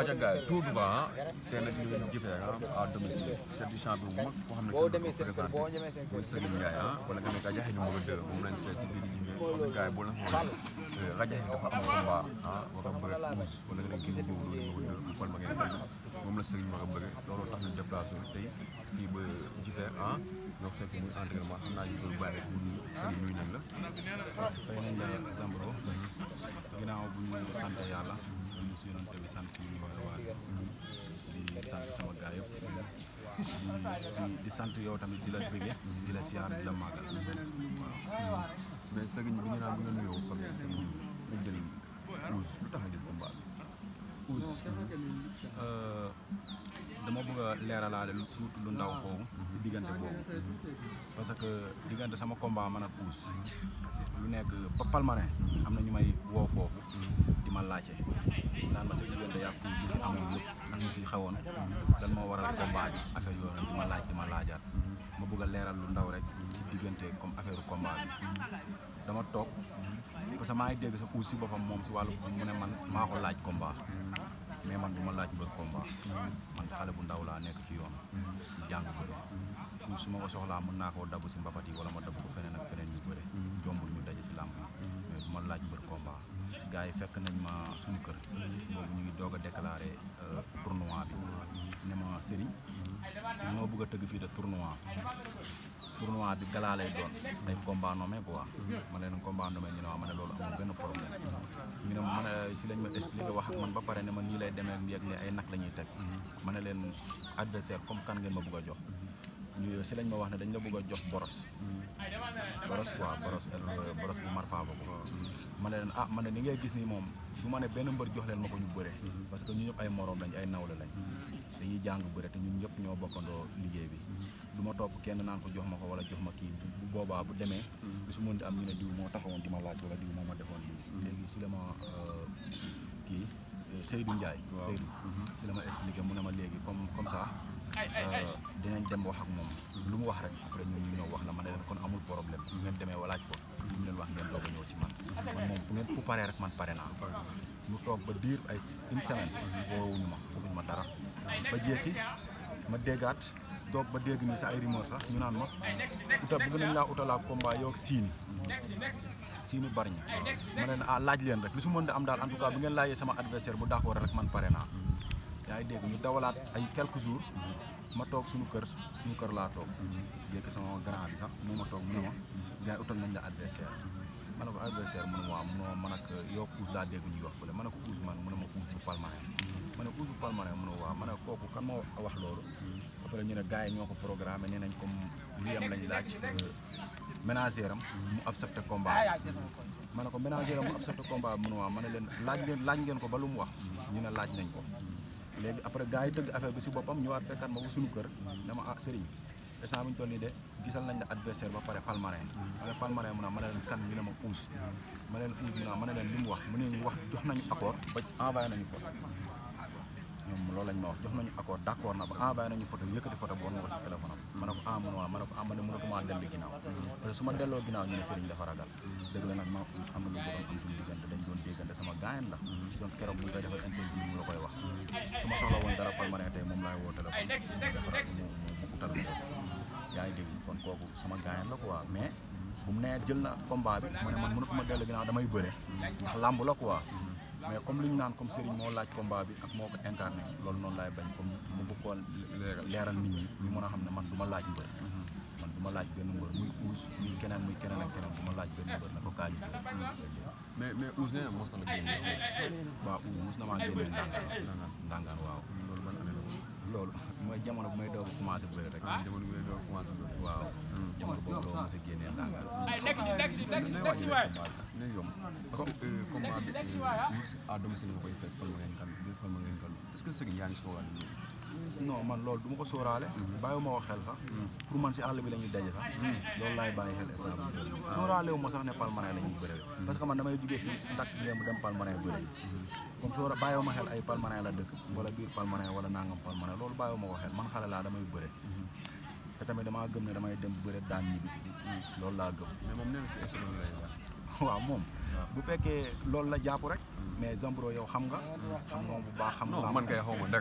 Ajaga tout droit ah tey nag ñu ngi jëfee ah, à domicile chef du champ mag boo xam ne kenn ko présenté muy Serigne Ndiaye ah wala nga nekk Rajaxe numéro 2 moom lañ seet ci fii di ji parce que gars yi boo a bëre pousse wala moom la Serigne war a bëgg looloo tax ñu déplacé tey fii ba jëfee ah ñoo fekk muy entraînement xam naa ñu koy bàyyi rek muy Serigne nañ la. fay nañ la Zambro ginaaw bu ñu sant yàlla. julli si yonante bi sant di sant sama gaa di di sant yow tamit di la bëgge di la siyaar di la màggal waaw mais bi ñu naan bu nga nuyoo comme sa mu jël ouz lu tax jël combat ouz dama bëgg lu lu ndaw ci parce que sama combat man ak ouz lu nekk ba palmarin am ñu may di ma yàpp yi fi ak ñu si xewoon lan moo waral combat bi affaire yooyu nag di ma laaj di ma laajaat ma bëgg a leeral lu ndaw rek si diggante comme affaire combat bi dama toog parce que maa ngi dégg sax uus si boppam moom si wàllu mu ne man maa ko laaj combat mais man du ma laaj mbër combat man xale bu ndaw laa nekk ci yoon di jàng bëre uus su ma ko soxlaa mën naa koo dabu si mbapat yi wala ma dabu ko feneen ak feneen ñu bëre jombul ñu daje si làmb mais du laaj mbër gars yi fekk nañ ma suñu kër boobu ñu ngi doog a déclaré euh, tournoi bi ne ma sëriñ ñoo bëgg a tëgg fii de tournoi tournoi bi galaa lay doon ay combat nommé quoi ma leen combat nommé ñu ne waaw ne loolu amul benn problème ñu ne ma si lañ ma expliqué wax ak man ba pare ne man ñii lay demee ak ay nag la ñuy teg ma ne leen adversaire comme kan ngeen ma bëgg a jox ñu si lañ ma wax ne dañ la bëgg a jox boros boros quoi boros euh, boros bu marfa ba ko ma ne leen ah ma ne ni ngay gis nii moom du ma ne benn mbër jox leen ma ko ñu bëre parce que ñu ñëpp ay moroom lañ ay nawle lañ dañuy jàng bëre te ñun ñëpp ñoo bokkandoo liggéey bi duma ma topp kenn naan ko jox ma ko wala jox ma kii bu boobaa bu demee bi su mën di am ñu ne diw moo taxawoon di ma laaj wala diw moo ma defoon lii léegi si la ma euh, kii euh, Seydou Ndiaye Seydou si la ma expliqué mu ne ma léegi comme comme ça Euh, dinañ dem wax ak mom lu mu wax rek après ñu ñëw wax la man ne leen kon amul problème bu ngeen démé walaaj ko lu mu leen wax ngeen doog a ñëw ci man kon moom bu ngeen bu paree rek man paré na mu tok ba dir ay une semaine woowuñu ñuma bu ñuma dara ba jéki ma déggaat dog ba dégg ni sa ay remote sax ñu naan ma uta bu bëgg la uta la combat yow ak sini siini bariña ma leen ah laaj leen rek lu su mënd am daal en tout cas bu ngeen laayé sama adversaire bu d'accord rek man paré na yaa ngi dégg ñu dawalaat ay quelques jours mm-hmm. ma toog suñu kër suñu kër laa toog mm-hmm. jékk sama grand bi sax moo ma toog mu ne ma mm-hmm. gars nañ la adversaire ma ne ko adversaire mu man a yow Ouze laa dégg ñuy wax fële ma man mu ne ma Ouze bu Palmarin ma ne Ouze bu Palmarin mu ne waaw kan moo wax loolu après ñu ne gars yi ñoo ko programmé nee nañ comme liyam lañ laaj ménagère am mu accepté combat ma ne ko ménagère am mu accepté combat mu ma ne leen laaj leen laaj ngeen ko ba lu mu wax ñu ne laaj nañ ko léegi après gars yi tëgg affaire bi si boppam ñëwaat fekkaat ma ko suñu kër dama ah sëriñ instant bi ñu toll nii de gisal nañ la adversaire ba pare palmarin ma ne palmarin mu naa ma ne leen kan ñu ne ma uus ma ne leen uus mu naa wax mu ne ñu wax jox nañu accord ba envoyé nañu fa ñoom loolu lañ ma wax jox nañu accord d' accord na ba envoyé nañu photo yëkkati photo bu woon ma ko ci téléphone am ma ko ah mu ne waaw ma ma ne ah, dellu ginnaaw na mu mu utal ko yaa ngi dégg kon mu na dellu ginnaaw damay bëre ndax làmb la quoi mais comme li ñu naan comme Serigne moo laaj combat bi ak moo ko incarné loolu noonu laay bañ comme mu bëgg koo leeral nit ñi ñu mën a xam ne man du laaj mbër man du ma laaj benn mbër muy uus muy keneen muy keneen ak keneen du ma laaj benn mbër na ko kaay mais mais uus nee na mos na la génne waaw uus mos na maa ndàngaan waaw loolu mooy jamono bu may doog a commencé bëri rek. Ah, jamono bu may doog a commencé bëri. waaw hmm. jamono boobu doo mos a génnee ndànk. nekk ci nekk ci nekk ci nekk ci waay ne yomb parce que euh, combat bi à euh, ah. ah, domicile nga koy fekk fan ma ngeen kan fan ma ngeen kan est-ce que sëñ yaa ngi soogaan non man loolu du ma ko sóoraale. Mhm. bàyyi ma ko xel sax. Mhm. pour man si àll bi la ñuy daje sax. Mhm. loolu laay bàyyi xel instant bi. sóoraale ma sax ne palmarin la ñuy bëre. parce que man damay jugee fii takk démb dem palmarin bëre. comme sóora bàyyi ay palmarin la dëkk. wala biir palmarin wala nangam palmarin loolu bàyyi ma ko xel man xale laa damay bëre. te tamit damaa gëm ne damay dem bëre daan ñibbi si. loolu laa gëm. waaw moom bu fekkee loolu la jàpp rek. mais Zambro yow xam nga. xam nga bu baax xam nga. non man kay xaw xam nga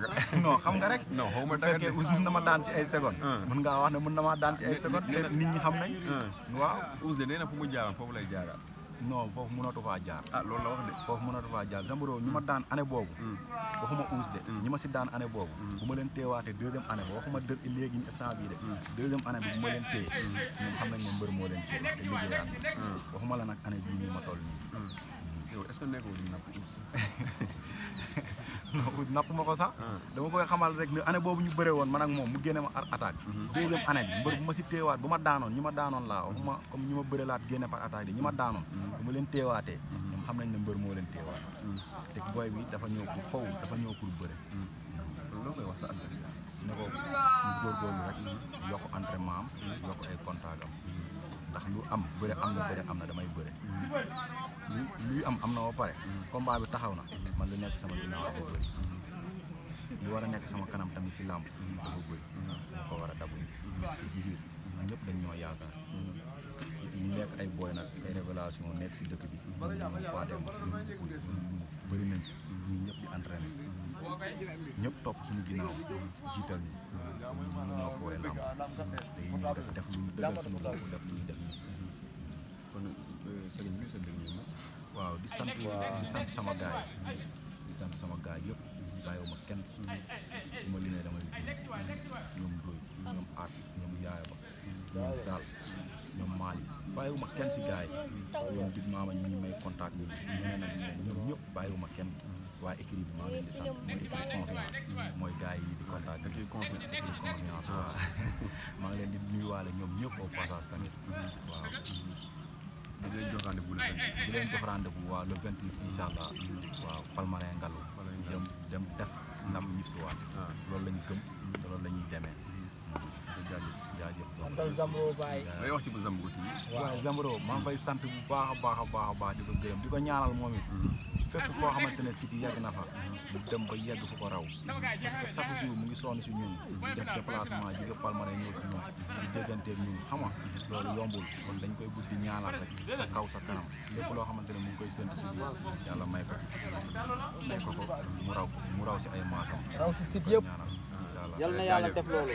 rek. non xaw ma dëgg de daan ci ay ah. mën ngaa wax ne mën na maa daan ci ñi xam nañ. Ah. waaw Ousse de nee na mu jaaroon foofu lay jaaraat. non foofu mënatu faa jaar. ah loolu la wax de. foofu mënatu faa jaar Zambro ñu ma daan année boobu. Mm. waxuma Ousse mm. ñi ma si daan année boobu. Mm. bu ma leen teewaatee deuxième année ba waxuma dë léegi instant bii ma leen téye. xam nañ ne mbër moo leen téye te liggéeyaat waxuma la nag année bii nii ma toll nii yow est-ce que nekkul napp aussi. non napp ma ko sax. Ah. dama koy xamal rek ne boobu ñu bëree woon man ak moom mu génne ma ar attaque. Mm-hmm. deuxième année bi mbër bu ma si teewaat bu ma daanoon ñi ma daanoon laa waxuma mm-hmm. comme ñi ma bëre laat génne par attaque ma daanoon. Mm-hmm. bu ma leen teewaatee. ñoom xam nañ ne mbër moo leen teewaat. te booy bi dafa ñëw pour faw dafa ñëw pour bëre. loolu loo koy wax sa adversaire ne ko góorgóorlu rek yokk entraînement am. yokk ay contact ndax lu am bëre am na bëre am na damay bëre luy am am na ba pare combat bi taxaw na man lu nekk sama ginnaaw dafa bëri lu war a nekk sama kanam tamit si làmb dafa bëri ko war a dabu ñëpp dañ yaakaar ñu nekk ay boy nag ay révélation nekk si dëkk bi pas dem bëri nañ ñëpp di entraîné ñëpp topp suñu ginnaaw jiital ñu ñu ñoo fooyee lamb day ñëw def lu sama bopp def lu def kon euh, sëriñ bi sa dëgg ñu waaw di sant di sant sama gaay di sant sama gaay yëpp bàyyiwuma kenn bu ma limee damay ñoom doy ñoom ñoom yaaya ba ñoom ñoom Mali bàyyiwuma kenn si gars yi ñoom Big Mama ñi may contact ñu ñeneen ak ñeneen ñoom ñëpp bàyyiwuma kenn waa écrit bi maa ngi leen di sant mooy écrit yi di contact écrit confiance écrit confiance maa ngi leen di nuyuwaale ñoom ñëpp au passage tamit waaw di leen jox rendez-vous le di le vingt huit incha allah waaw Palmarin Ngalaw dem dem def ndam ñib si waat ah. loolu la ñu gëm te loolu la demee jaajëf Zambro Baye. may wax ci bu Zambro tuuti. waaw Zambro bu baax a baax a baax a baax di ko gërëm di ko ñaanal moom koo xamante ne si bi na fa. dem ba yegg fu ko raw. parce que chaque jour mu ngi sonn si ñun. di def déplacement jóge Palmarin ñëw ci ñun. xam nga loolu yombul kon dañ koy buddi ñaanal rek sa kaw sa kanam lépp loo xamante ne mu koy séntu si biir yàlla may ko may ko ko mu raw mu raw si ay maasam. raw si sit yëpp yal na yàlla def loolu